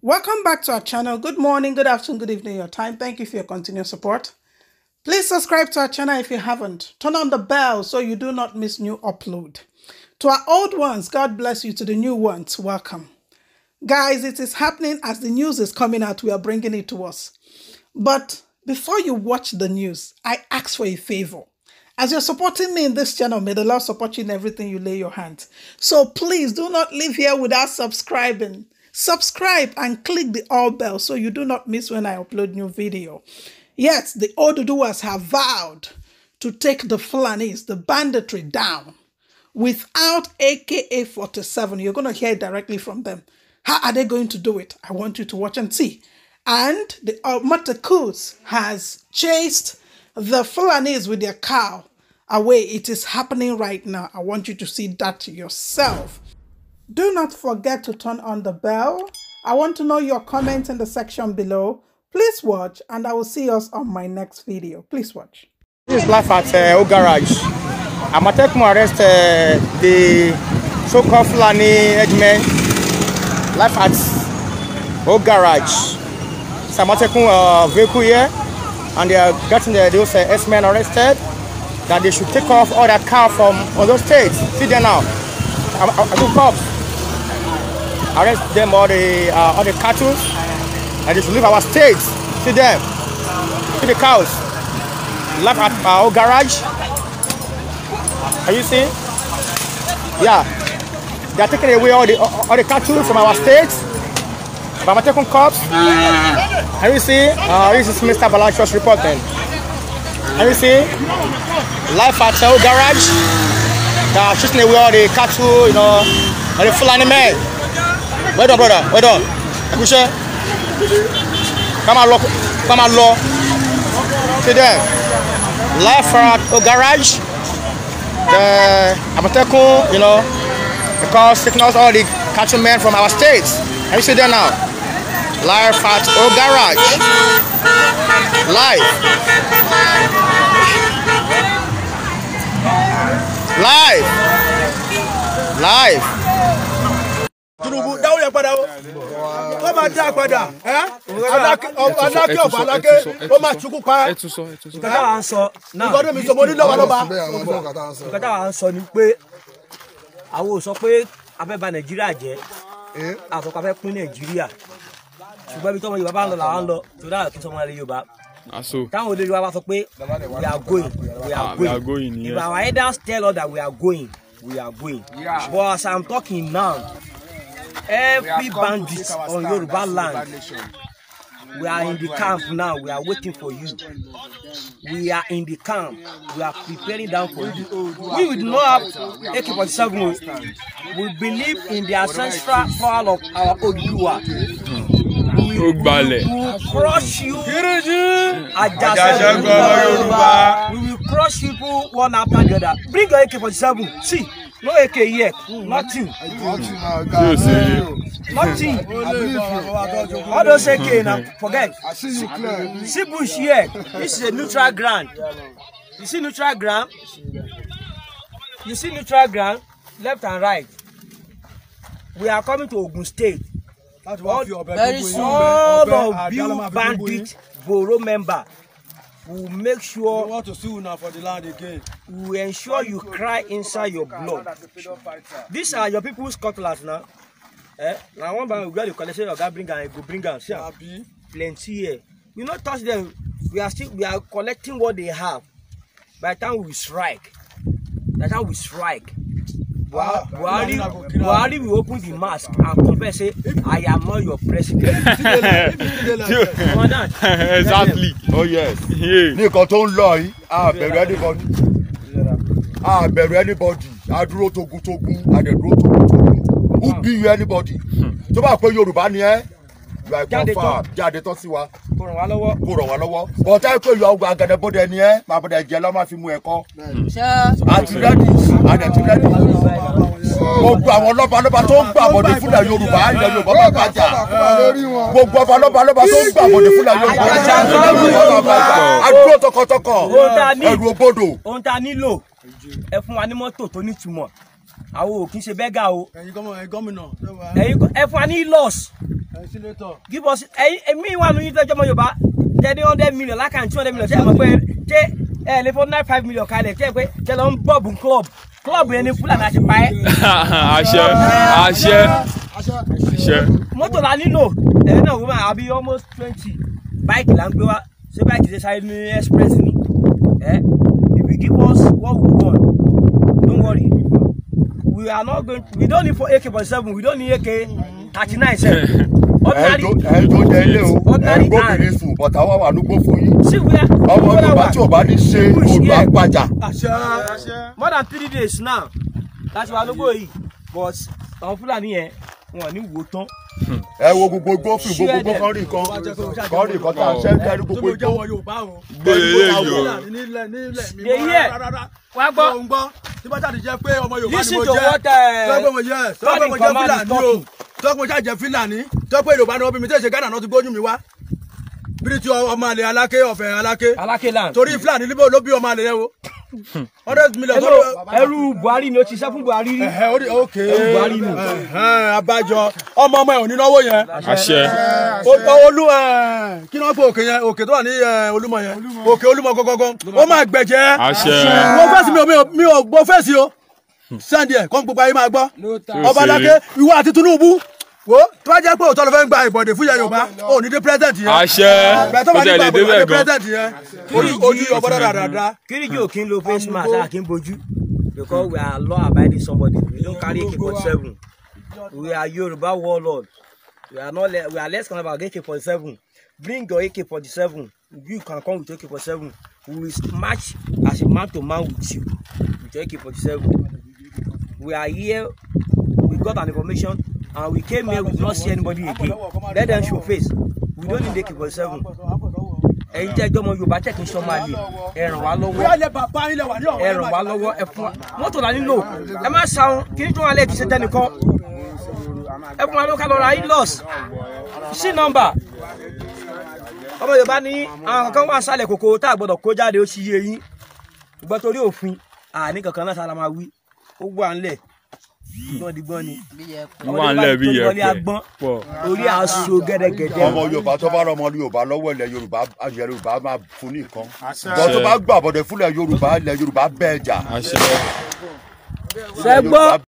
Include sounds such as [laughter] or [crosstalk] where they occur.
Welcome back to our channel. Good morning, good afternoon, good evening, your time. Thank you for your continued support. Please subscribe to our channel if you haven't. Turn on the bell so you do not miss new upload. To our old ones, God bless you. To the new ones, welcome. Guys, it is happening as the news is coming out. We are bringing it to us. But before you watch the news, I ask for a favor. As you're supporting me in this channel, may the Lord support you in everything you lay your hand. So please do not leave here without subscribing. Subscribe and click the all bell so you do not miss when I upload new video. Yes, the doers have vowed to take the Fulanis, the banditry down without AKA 47. You're going to hear directly from them. How are they going to do it? I want you to watch and see. And the uh, Matakus has chased the Fulanis with their cow away. It is happening right now. I want you to see that yourself. Do not forget to turn on the bell. I want to know your comments in the section below. Please watch and I will see us on my next video. Please watch. This is life at uh, Ogarage. Amatekun arrest uh, the so-called Fulani headman. Life at Garage. So i Ogarage. It's Amatekun uh, vehicle here and they are getting the, those uh, S-men arrested that they should take off all that car from other states. See there now. I'm, I'm, I'm cops arrest them all the uh, all the cattle and they should leave our state to them, to the cows. Left at our garage. Are you seeing? Yeah. They are taking away all the all the cattle from our state. taking cops. Can you see? Uh, this is Mr. Balanchos reporting. Can you see? Life at our garage. They are shooting away all the cattle, you know, all the Fulani men. Wait done, brother. Well done. Akushe. Come on, look. Come on, look. See there. Life at a garage. The Amateku, you know, because taking us all the countrymen from our states. Can you see there now? Life at O Garage. Life. Life. Life. Tinubu dáwọ́ yẹn padà o kó máa dá padà aláké ọba aláké ó máa tukú pa ẹ. nǹkan táwa sọ náà nǹkan mi sọ mo ní lọ́wọ́ lọ́ba nǹkan táwa sọ ni pé àwọn sọ pé a Nàìjíríà jẹ́ àtọ́kọ́ a pín Nàìjíríà ṣùgbọ́n ibi tí ọmọ Yorùbá bá ń lọ làwọn ń lọ tó dáhà kí sọmọ ilẹ̀ Yorùbá ah, táwọn olórí wa bá sọ pé we are going we are ah, going, if our elders tell us that we are going we are going but as I'm talking now every bandit on Yoruba land. We are in the camp now. We are waiting for you. We are in the camp. We are preparing down for you. We will not have AK-47. We believe in the ancestral power of our Oduduwa. We will crush you, We will crush people one after the other. Bring your AK-47. See no AK yet, nothing. Nothing. All those AK now, forget. See bush here, this is a neutral ground. You see neutral ground? You see neutral ground, left and right. We are coming to Ogun State. All, very soon, all of you bandit Boro member we will make sure we want to see una for the land again. We will ensure you cry inside your blood. These are your people's cutlass now. Eh? Now one by we grab the collection of that bring and go bring am. See plenty here. We not touch them. We are still we are collecting what they have. By the time we strike, by the time we strike, Ah, Buhari will open the mask and compare say I am not your president. [laughs] exactly. oh yes. ní nǹkan tó ń lọ yìí a bẹ̀rù anybody a bẹ̀rù anybody a dúró togun-togun a dẹ̀ dúró togun-togun who be you anybody hmm. tó bá pé Yorùbá ni ẹ́ you are confirmed jáde tán sí wa kò ràn wá lọ́wọ́ kò ràn wá lọ́wọ́ bọ̀tá ẹ̀ pé yọ ọgbà àgàdàbọ̀dẹ ni ẹ́ màbọ̀dẹ jẹ́ lọ́mọ́ fi mú ẹ̀ kọ́ àti hmm. rẹ́dì àdẹ̀tí rẹ́dì gbogbo àwọn lọ́balọ́ba tó ń gbàbọ̀dé fúnlẹ̀ yorùbá ilẹ̀ yorùbá bá bàjá gbogbo àwọn lọ́balọ́ba tó ń gbàbọ̀dé fúnlẹ̀ yorùbá adúró tọkọtọkọ ẹrù òbodò. ohun tá a nílò ẹ fún wa ní mọ́tò tó nítumọ̀ àwọn ò kí ń ṣe bẹ́gà o ẹ fún wa ní lọ́s give us ẹ̀mí wa lóyún tẹ́jọ́ mọ́ yorùbá tẹ́ni hundred million lákàntí hundred million tẹ́ ẹ lè fọ́ nine five million kalẹ̀ tẹ́ ẹ pé tẹ́ lọ ń club klọ́ọ̀bù yẹn ní fúlàní àti pa ẹ́. [laughs] àṣẹ àṣẹ àṣẹ. mọ́tò la nílò ẹ̀rẹ́ náà wọ́n àbí almost twenty Bike là ń gbé wá ṣé báìkì ṣe sáré ní express ni ẹ if you give us what we want don't worry we are not going we don't need for AK forty seven we don't need AK thirty nine sef. [laughs] ordinary ilé o ẹgbọbìnrin sùn bọ̀tà wà wà lógbó fún yín ọmọ yorùbá tí ò bá ní ṣe olùwà more than three days now láti wà lógbó yìí but àwọn fúlàní yẹn wọn ní wò tán ẹ wo gbogbo gbófin gbogbo kọrin kan kọrin kan tá a ṣe ń kẹrin gbogbo igbó gbogbo àwọn nílẹ̀ nílẹ̀ mímọ́ rárá wá gbọ́ tí bá jáde jẹ́ pé ọmọ Yorùbá ni mo uh, jẹ́ tọ́gbọ́n mo jẹ́ tọ́gbọ́n Fúlàní o tọ́pọ̀ ṣàjẹ́ fúlàní tọ́pọ̀ èrò bá ní wọ́n bí mi tẹ̀sẹ̀ Ghana náà ti gbójú mi wá bíríti ọmọ àlè aláké ọ̀fẹ́ aláké torí fúlàní níbo ló bí ọmọ àlè yẹn wo [laughs] hundred million tó. ẹrú Buhari ni ó ti ṣiṣẹ́ fún Buhari rí. ẹrú Buhari ni. abájọ ọmọ ọmọ ẹ ò ní náwó yẹn. àṣẹ. olú kí ni wọ́n pe òkè yẹn òkè tó wà ní Olúmọ yẹn òkè Olúmọ gọ́gọ́gọ́ ó máa gbẹ̀jẹ̀. àṣẹ. mo fẹ́sì mi ò mi ò gbọ́ fẹ́sì o sẹ́ndì ẹ̀ kọ́ gbogbo ayé máa gbọ́ ọba dákẹ́ ìwọ àti Tinubu wo tó bá jẹ́ pé òótọ́ ló fẹ́ gba ìbọ̀dẹ̀ fún ìyá Yorùbá ò ní dé president yẹn. àṣẹ ó tẹ̀lé débẹ̀ gan. orí ojú ọgbọ́n dára dára. kíríjì ò kí ń lo face mask a kì í bojú because we are law abiding somebody we don't carry AK-47 we are Yoruba warlord we are not we are less concerned about AK-47 bring your AK-47 you can come with AK-47 we will match as a man to man with you with your AK-47 we are here we got an information and we came here we did not see anybody again let them show face we don't need make it for seven ẹ̀yin tẹ́ jọmọ yorùbá tẹkí sọmọ àlè ẹ ràn wá lọ́wọ́ ẹ ràn wá lọ́wọ́ ẹ fún wa mọ́tò là nílò ẹ má sàrun kí ní tó wà lẹ́ẹ̀kì ṣe tẹnìkan ẹ fún wa ló ká lọ ra ilos sí nọ́mbà ọmọ yorùbá ní àwọn kankan wà sálẹ̀ kòkó tá a gbọ́dọ̀ kó jáde ó ti yé yín gbọ́tòrí òfin àní kankan náà sára máa wí ó wà ńlẹ̀ gbọ́ndigbọ́n ni wà ńlẹ̀ bí yẹ pẹ́ pọ̀ orí aṣọ gẹ́dẹ́gẹ́dẹ́. ọmọ yorùbá tó bá rọmọ yorùbá lọ́wọ́ ilẹ̀ yorùbá ilẹ̀ yorùbá máa fún ní nǹkan bọ́ tó bá gbà bọ̀dẹ̀ fúnlẹ̀ yorùbá ilẹ̀ yorùbá bẹ́ẹ̀ jà. ṣẹ́gbọ́n